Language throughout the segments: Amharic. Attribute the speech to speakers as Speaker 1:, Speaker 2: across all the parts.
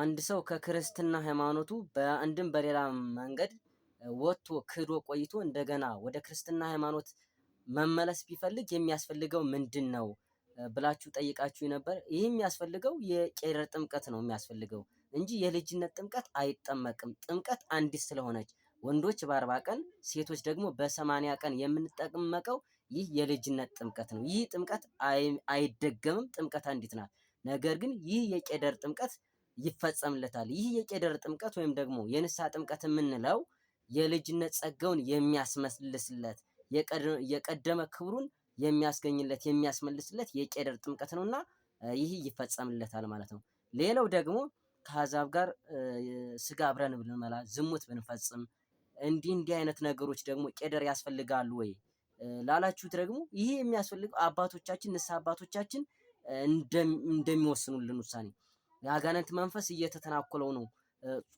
Speaker 1: አንድ ሰው ከክርስትና ሃይማኖቱ በአንድም በሌላ መንገድ ወጥቶ ክዶ ቆይቶ እንደገና ወደ ክርስትና ሃይማኖት መመለስ ቢፈልግ የሚያስፈልገው ምንድን ነው ብላችሁ ጠይቃችሁ ነበር። ይህ የሚያስፈልገው የቄደር ጥምቀት ነው የሚያስፈልገው እንጂ የልጅነት ጥምቀት አይጠመቅም። ጥምቀት አንዲት ስለሆነች ወንዶች በአርባ ቀን ሴቶች ደግሞ በሰማንያ ቀን የምንጠመቀው ይህ የልጅነት ጥምቀት ነው። ይህ ጥምቀት አይደገምም። ጥምቀት አንዲት ናት። ነገር ግን ይህ የቄደር ጥምቀት ይፈጸምለታል። ይህ የቄደር ጥምቀት ወይም ደግሞ የንስሐ ጥምቀት የምንለው የልጅነት ጸጋውን የሚያስመልስለት የቀደመ ክብሩን የሚያስገኝለት የሚያስመልስለት የቄደር ጥምቀት ነውና ይህ ይፈጸምለታል ማለት ነው። ሌላው ደግሞ ከአሕዛብ ጋር ስጋ አብረን ብንመላ፣ ዝሙት ብንፈጽም፣ እንዲህ እንዲህ አይነት ነገሮች ደግሞ ቄደር ያስፈልጋሉ ወይ ላላችሁት ደግሞ ይህ የሚያስፈልገው አባቶቻችን ንስሐ አባቶቻችን እንደሚወስኑልን ውሳኔ የአጋንንት መንፈስ እየተተናኮለው ነው፣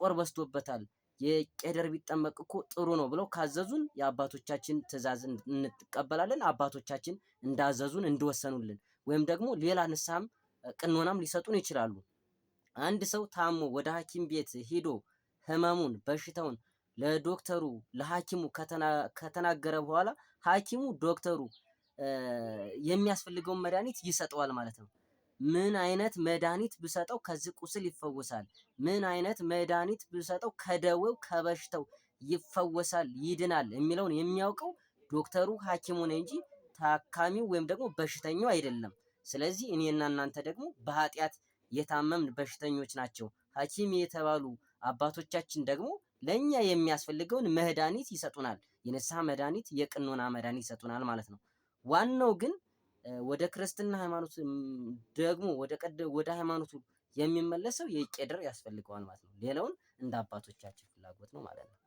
Speaker 1: ጦር በስቶበታል። የቄደር ቢጠመቅ እኮ ጥሩ ነው ብለው ካዘዙን የአባቶቻችን ትእዛዝ እንቀበላለን። አባቶቻችን እንዳዘዙን እንድወሰኑልን ወይም ደግሞ ሌላ ንስሐም ቅኖናም ሊሰጡን ይችላሉ። አንድ ሰው ታሞ ወደ ሐኪም ቤት ሂዶ ህመሙን በሽታውን ለዶክተሩ ለሐኪሙ ከተናገረ በኋላ ሐኪሙ ዶክተሩ የሚያስፈልገውን መድኃኒት ይሰጠዋል ማለት ነው። ምን አይነት መድኃኒት ብሰጠው ከዚህ ቁስል ይፈወሳል? ምን አይነት መድኃኒት ብሰጠው ከደዌው ከበሽተው ይፈወሳል ይድናል የሚለውን የሚያውቀው ዶክተሩ ሐኪሙ ነው እንጂ ታካሚው ወይም ደግሞ በሽተኛው አይደለም። ስለዚህ እኔና እናንተ ደግሞ በኃጢአት የታመምን በሽተኞች ናቸው። ሐኪም የተባሉ አባቶቻችን ደግሞ ለእኛ የሚያስፈልገውን መድኃኒት ይሰጡናል። የንስሐ መድኃኒት፣ የቅኖና መድኃኒት ይሰጡናል ማለት ነው። ዋናው ግን ወደ ክርስትና ሃይማኖት ደግሞ ወደ ቀደ ወደ ሃይማኖቱ የሚመለሰው የቄደር ቄደር ያስፈልገዋል ማለት ነው። ሌላውን እንደ አባቶቻችን ፍላጎት ነው ማለት ነው።